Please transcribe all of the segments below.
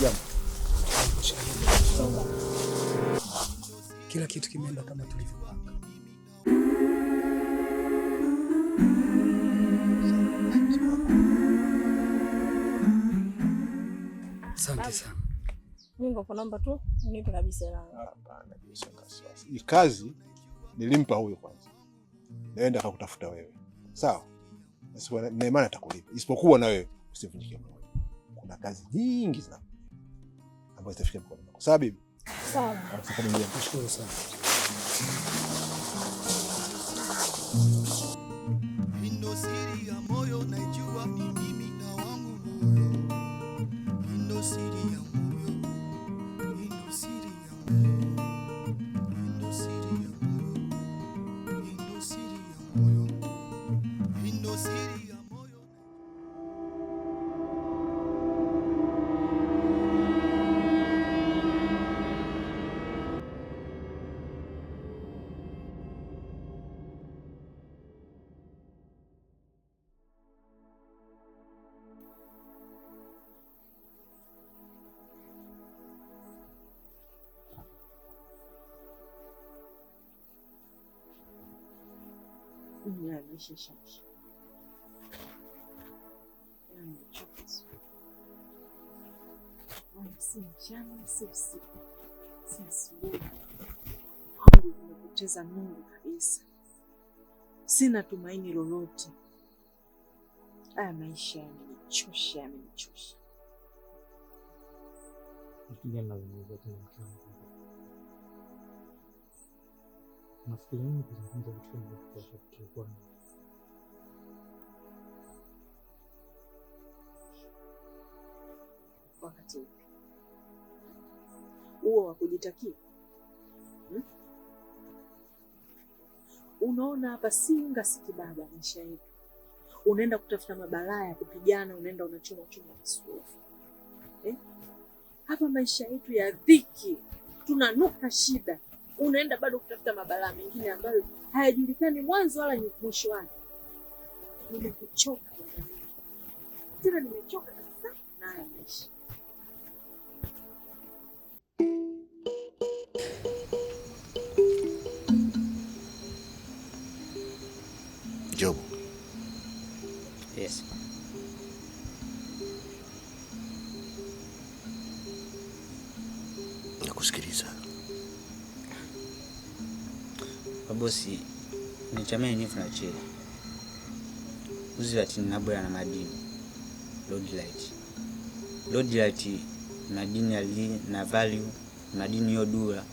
Jambo. Kila kitu kimeenda kama tulivyopanga. Asante sana. tu kabisa Hapana, Hii Kazi nilimpa huyo kwanza, naenda akakutafuta wewe, sawa? Na imani atakulipa, isipokuwa na wewe usivunjike moyo. Kuna kazi nyingi sana Amor, está ficando com Sabe? Sabe. Tá sabe. Bilmiyorum nimepoteza Mungu kabisa. Sina tumaini lolote. Haya maisha yamenichosha, yamenichosha. Nafikiriani kuzungumza vitendo kutoka kiukwani wakati huo wa kujitakia hmm? Unaona, hapa singa sikibaba Maisha yetu unaenda kutafuta mabalaa ya kupigana, unaenda unachoma chuma masufu eh? Hapa maisha yetu ya dhiki, tunanuka shida unaenda bado kutafuta mabalaa mengine ambayo hayajulikani mwanzo wala mwisho wake. Nimekuchoka tena, nimechoka kabisa na haya maisha. Yes. bosi ni chama nifu na chile uzi ati nabwera na madini lodlight lodlight madini ali na value madini dula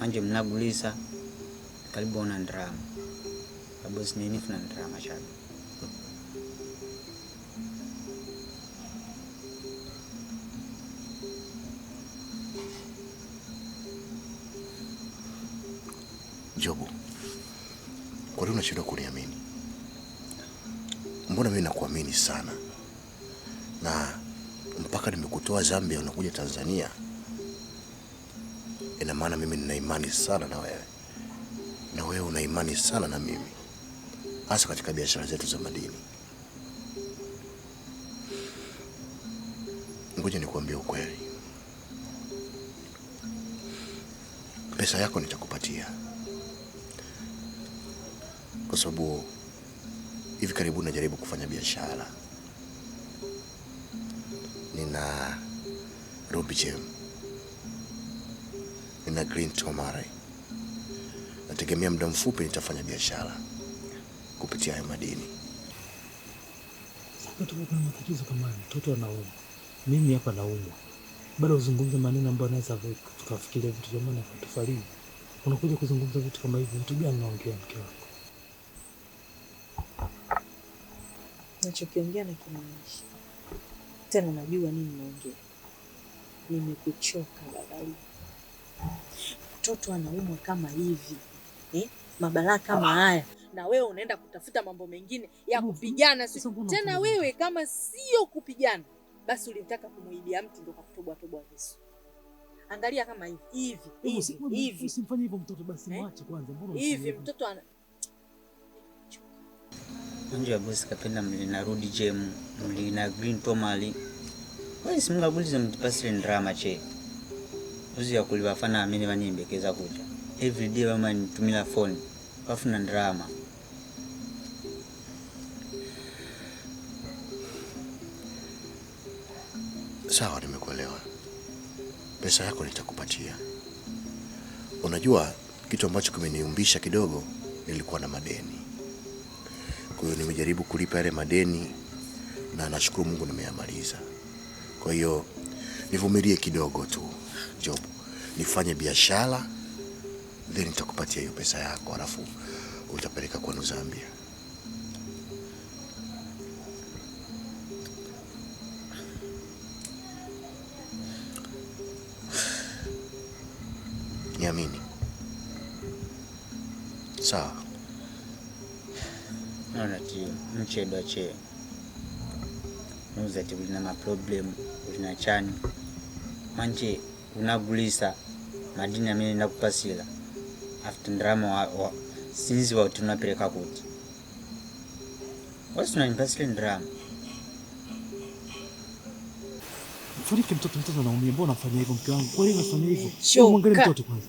manje mnagulisa karibu na ndrama abosi ninifu na ndrama chaba Jobu, kwa nini unashindwa kuniamini? Mbona mimi nakuamini sana, na mpaka nimekutoa Zambia unakuja Tanzania, ina maana mimi nina imani sana na wewe na wewe una imani sana na mimi, hasa katika biashara zetu za madini. Ngoja nikuambie ukweli, pesa yako nitakupatia kwa sababu hivi karibuni najaribu kufanya biashara. Nina Ruby Gem, nina Green Tomari. Nategemea muda mfupi nitafanya biashara kupitia hayo madini. Kuna matatizo kama mtoto anaumwa, mimi hapa naumwa, bado uzungumze maneno ambayo naweza tukafikiria vitu, maana tufariki. Unakuja kuzungumza vitu kama hivi, vitu gani naongea mke wako? Nachokiongea kimaanisha. tena najua nini naongea. Nimekuchoka Babali, mtoto anaumwa kama hivi eh? mabalaa kama ah. haya na wewe unaenda kutafuta mambo mengine ya kupigana si? Tena wewe kama sio kupigana, basi ulitaka kumuibia mtu ndo kakutoboa toboa visu. Angalia kama hivi hivi hivi hivi, eh? mtoto ana ya bosi kapenda mlina rudi jem mlina green tomali wewe simunga bulize mtipasire ndrama che uzi yakuli wafana amini mbekeza kuja every day vama nitumila phone wafuna ndrama sawa. Nimekuelewa, pesa yako nitakupatia. Unajua kitu ambacho kimeniumbisha kidogo, nilikuwa na madeni kwa hiyo nimejaribu kulipa yale madeni na nashukuru Mungu nimeyamaliza. Kwa hiyo nivumilie kidogo tu Job, nifanye biashara then nitakupatia hiyo pesa yako, alafu utapeleka kwenu Zambia. Niamini. nceda che ti ulina maproblemu ulina chani manje unagulisa madini amene ndakupasira after ndirama sinzi wauti unapereka kuti wasi unanipasire ndirama Mfariki mtoto mtoto anaumia, mbona nafanya hivyo mke wangu? Kwa nini nafanya hivyo? mwangalie mtoto kwanza.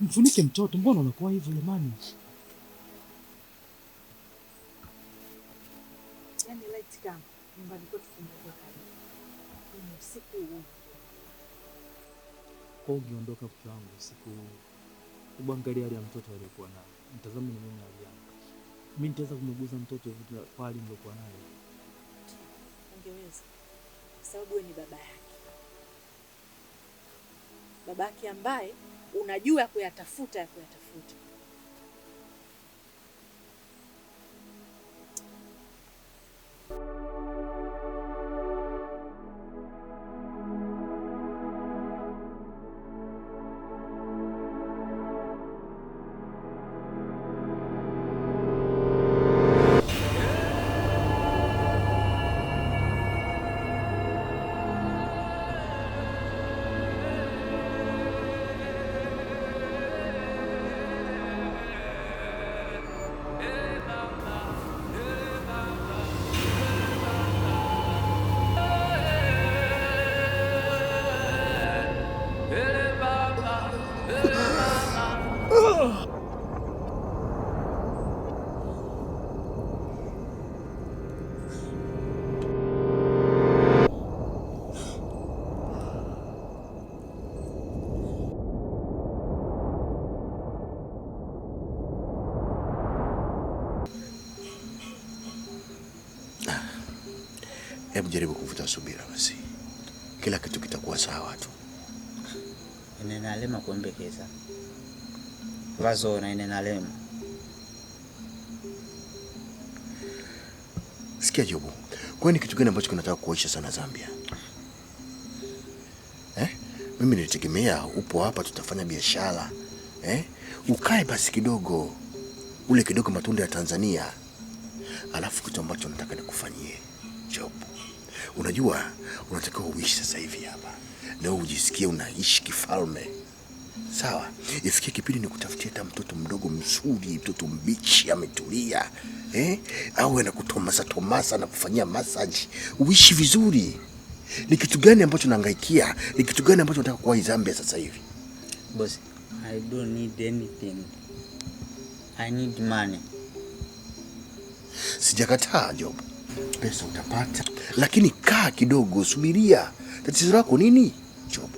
Mfunike mtoto, mbona unakuwa hivyo jamani? yani light kama nyumbani kwetu kumetoka ni usiku huu. Kwa ukiondoka mke wangu usiku huu, hebu angalia hali ya mtoto aliyokuwa nayo, mtazamo ni mimi aliana. Mimi nitaweza kumuguza mtoto kwa hali niliokuwa nayo? Ungeweza, kwa sababu wewe ni baba yake, baba yake ambaye unajua ya kuyatafuta ya kuyatafuta Jaribu kuvuta subira basi, kila kitu kitakuwa sawa tu. Inenalema kuembekeza vazona inenalema. Sikia Jobu, kwani kitu gani ambacho kinataka kuisha sana Zambia eh? Mimi nilitegemea upo hapa tutafanya biashara eh? Ukae basi kidogo ule kidogo matunda ya Tanzania, alafu kitu ambacho nataka nikufanyie Jobu Unajua, unatakiwa uishi sasa hivi hapa na ujisikie unaishi kifalme, sawa? Ifikie kipindi ni kutafutia hata mtoto mdogo mzuri, mtoto mbichi ametulia, eh? Au anakutomasa tomasa na kufanyia masaji, uishi vizuri. Ni kitu gani ambacho nahangaikia? Ni kitu gani ambacho nataka kuwahi Zambia sasa hivi? Boss, I don't need anything. I need money. Sijakataa Job pesa utapata, lakini kaa kidogo, subiria. Tatizo lako nini Job?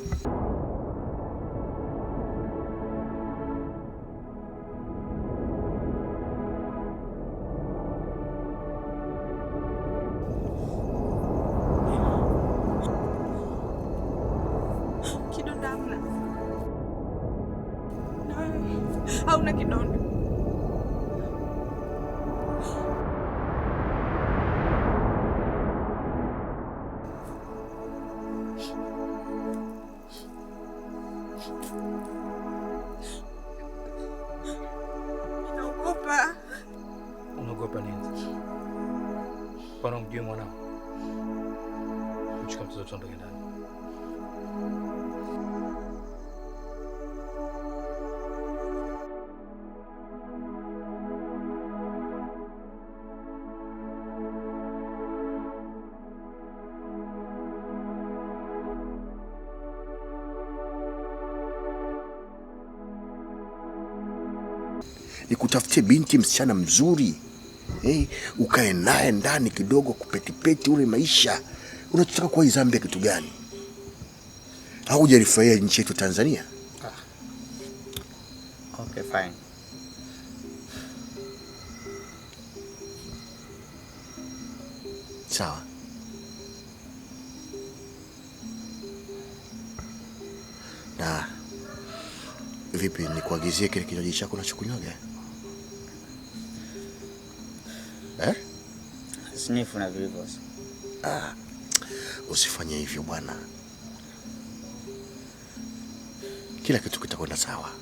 Naogopa. Unaogopa nini? Mbona mjui mwanao? Mchukua mtoto ndani. utafutie binti msichana mzuri hey, eh, ukae naye ndani kidogo, kupetipeti ule maisha. Unachotaka kuwahi Zambia kitu gani? Haujarifurahia nchi yetu Tanzania? Ah. Okay, fine. Sawa, na vipi, nikuagizie kile kinywaji chako unachokunywaga? sinifu na vilivyo. Ah, usifanye hivyo bwana, kila kitu kitakwenda sawa.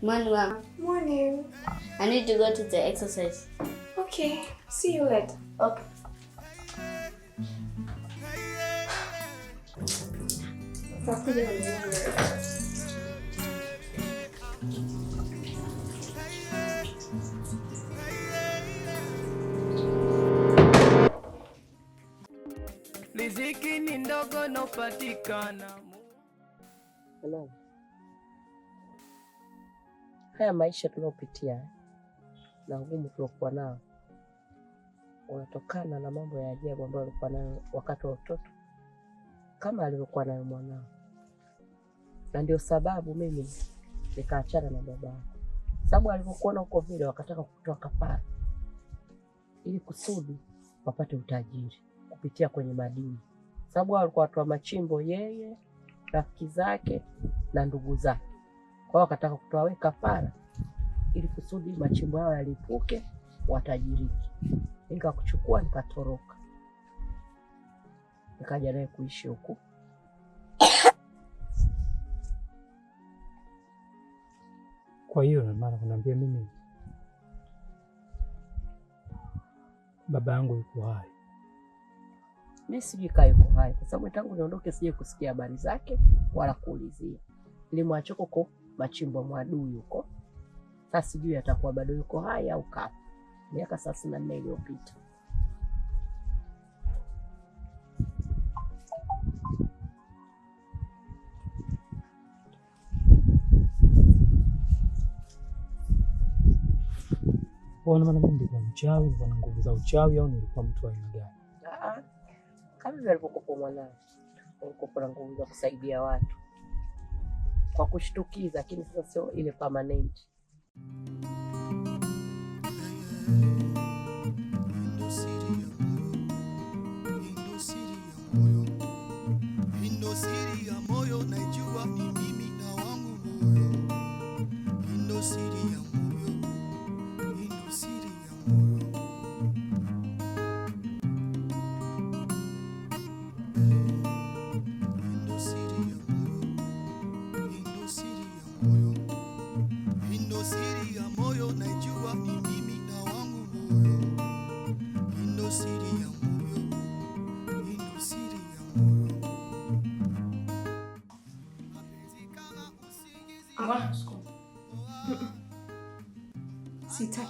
Morning, ma'am. Morning. I need to go to the exercise. Okay. See you later. Okay. Riziki ni ndogo, napatikana. Hello haya maisha tunayopitia na ugumu tuliokuwa nao unatokana na mambo ya ajabu ambayo alikuwa nayo wakati wa utoto kama alivyokuwa nayo mwanao, na ndio sababu mimi nikaachana na baba yako, sababu alivyokuona huko vile wakataka kutoa kafara ili kusudi wapate utajiri kupitia kwenye madini, sababu alikuwa watu wa machimbo, yeye rafiki zake na ndugu zake kwao wakataka akataka kutoa we kafara ili kusudi machimbo yao yalipuke, watajiriki. Nikakuchukua nikatoroka, nikaja naye kuishi huku Kwa hiyo ndio maana mimi baba yangu yuko hai. Mi sijui kaa yuko hai, kwa sababu tangu niondoke sije kusikia habari zake wala kuulizia. Nilimwacha huko Machimbo Mwadui huko. Sasa sijui atakuwa bado yuko hai au kafa. Miaka thelathini na nne iliyopita. ndio mchawi, nilikuwa na nguvu za uchawi au nilikuwa mtu wa aina gani? Ah, ah. Kama vile alipokuwa mwanangu, alikuwa na nguvu za kusaidia watu kwa kushtukiza, lakini sasa sio ile permanent.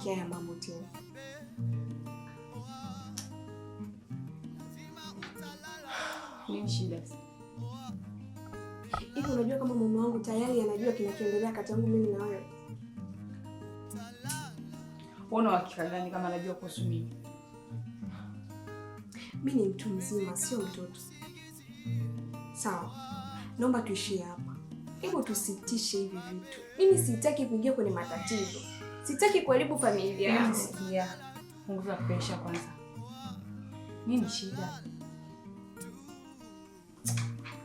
kusikia ya mambo tena. Hivi unajua kama mume wangu tayari anajua kinachoendelea kati yangu mimi na wewe? Una hakika gani kama anajua kuhusu mimi? Mimi ni mtu mzima, sio mtoto. Sawa, naomba tuishie hapa. Hebu tusitishe hivi vitu. Mimi sitaki kuingia kwenye matatizo. Sitaki kuharibu familia yangu. Sikia. Punguza pressure kwanza. Nini shida?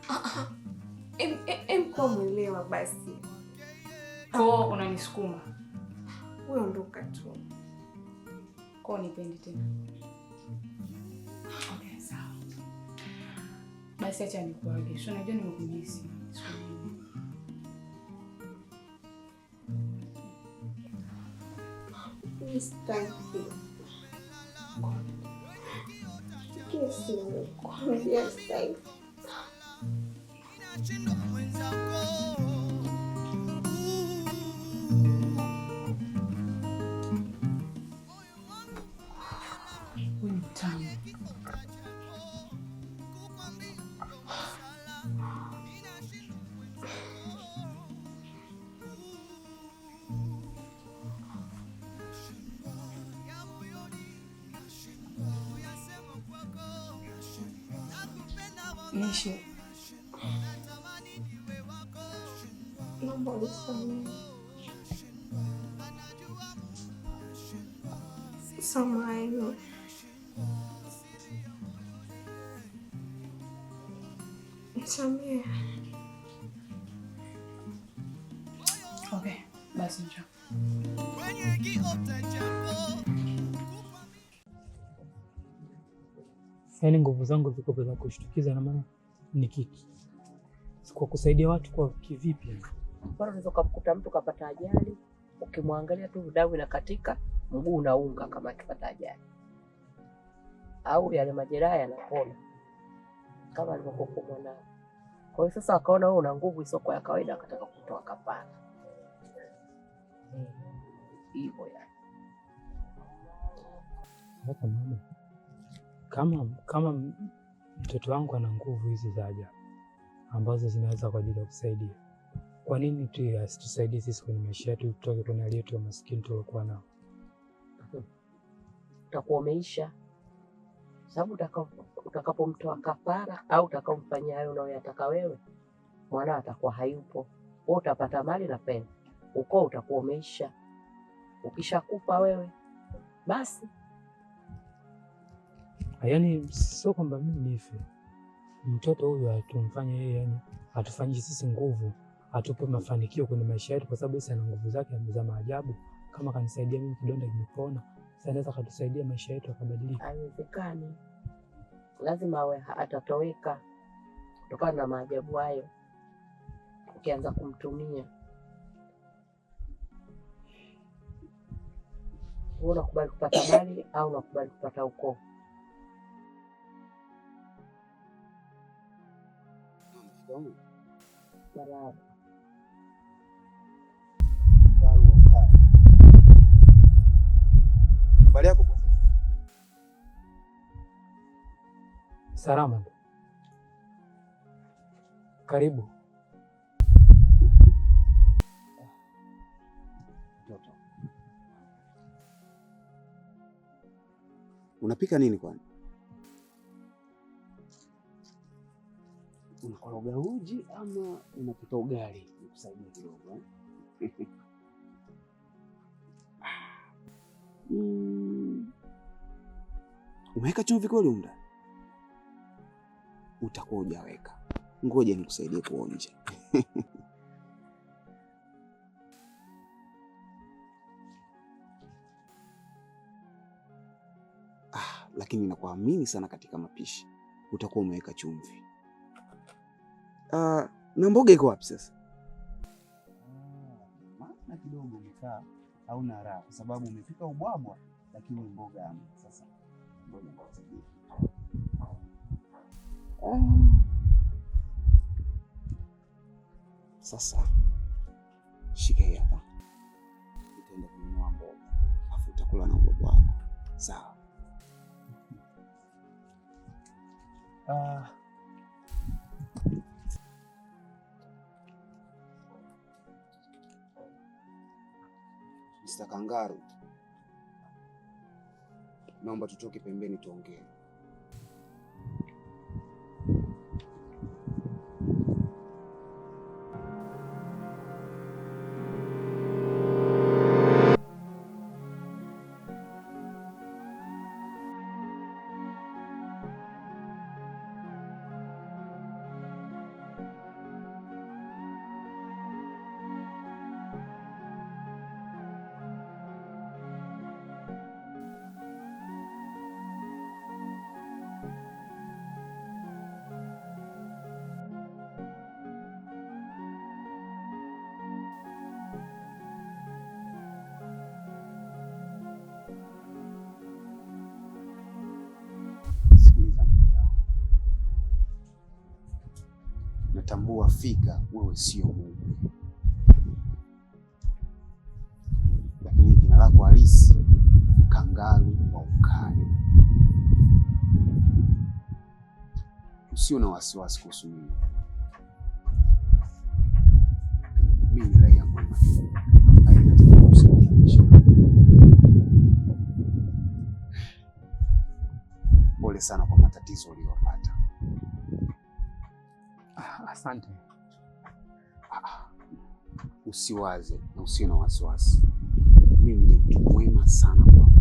Ah, ah. Em, em, kwa mwelewa basi. koo unanisukuma. Wewe ondoka tu. Kwa nipendi tena. Ah, okay, sawa. Basi acha nikuage. Unajua nimekumiss. Please thank him. Kiss Yes, thank you. samahilo Okay, Yaani nguvu zangu ziko za kushtukiza, na maana ni kiki kwa kusaidia watu kwa kivipi? Bado unaweza ukamkuta mtu kapata ajali, ukimwangalia tu damu inakatika mguu unaunga kama akipata ajali au yale majeraha yanapona kama alivyokuwa mwanao. Kwa hiyo sasa akaona wewe una nguvu isoko ya kawaida, akataka kutoa kapara hivyo. sasa mama, kama kama mtoto wangu ana nguvu hizi za ajabu ambazo zinaweza kwa ajili ya kusaidia, kwa nini tu asitusaidie sisi kwenye maisha yetu, tutoke kwenye hali yetu ya maskini tuliokuwa nao? utakuwa umeisha, sababu utakapomtoa kafara au utakamfanyia hayo unayoyataka wewe, mwana atakuwa hayupo, wewe utapata mali na pesa, ukoo utakuwa umeisha. Ukishakufa wewe basi, yaani sio kwamba mimi nife, mtoto huyu atumfanye yeye, yani atufanyie sisi nguvu, atupe mafanikio kwenye maisha yetu, kwa sababu sisi ana nguvu zake za maajabu. Kama kanisaidia mimi kidonda kimepona anaweza akatusaidia maisha yetu yakabadilika. Haiwezekani, lazima awe atatoweka kutokana na maajabu hayo, ukianza kumtumia wewe. Unakubali kupata mali au unakubali kupata ukoo? Barabara. Habari yako bwana? Salama. Karibu. Unapika nini kwani? Unakoroga uji ama unapika ugali? Nikusaidie kidogo. Mm. Umeweka chumvi kweli huko Utakuwa hujaweka. Ngoja nikusaidie kuonja. Ah, lakini nakuamini sana katika mapishi. Utakuwa umeweka chumvi. Ah, na mboga iko wapi sasa? Maana kidogo nikaa hauna raha kwa sababu umepika ubwabwa lakini mboga hamna. Ah. Sasa shika hii hapa, utaenda kununua mboga, afu utakula na ubwabwa wako, sawa? Ah. Mr. Kangaroo naomba tutoke pembeni tuongee. kutambua fika wewe sio Mungu, lakini jina lako halisi kangaru wa ukali. Usio na wasiwasi kuhusu mimi, mimi raia mwema Pole sana kwa matatizo uliyopata. Ah, asante. Ah, usiwaze na usiwe na wasiwasi, mimi ni mtu mwema sana kwako.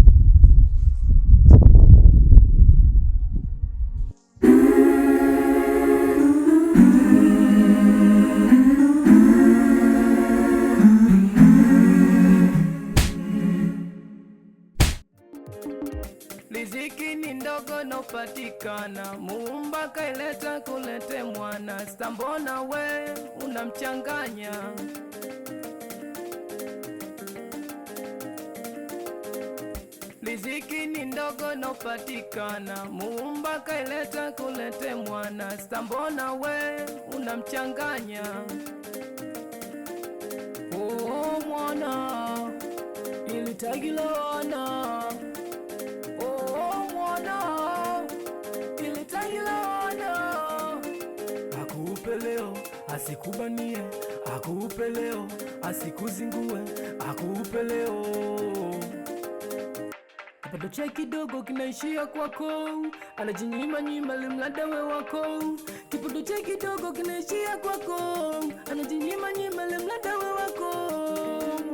kuchanganya riziki ni ndogo nopatikana, muumba kaileta kulete mwana, sambona we unamchanganya oh, mwana ilitagilona asikubanie, akuupe leo, asikuzingue, akuupe leo. Kipato chake kidogo kinaishia kwako, anajinyima nyima limlada we wako. Kipato chake kidogo kinaishia kwako, anajinyima nyima limlada we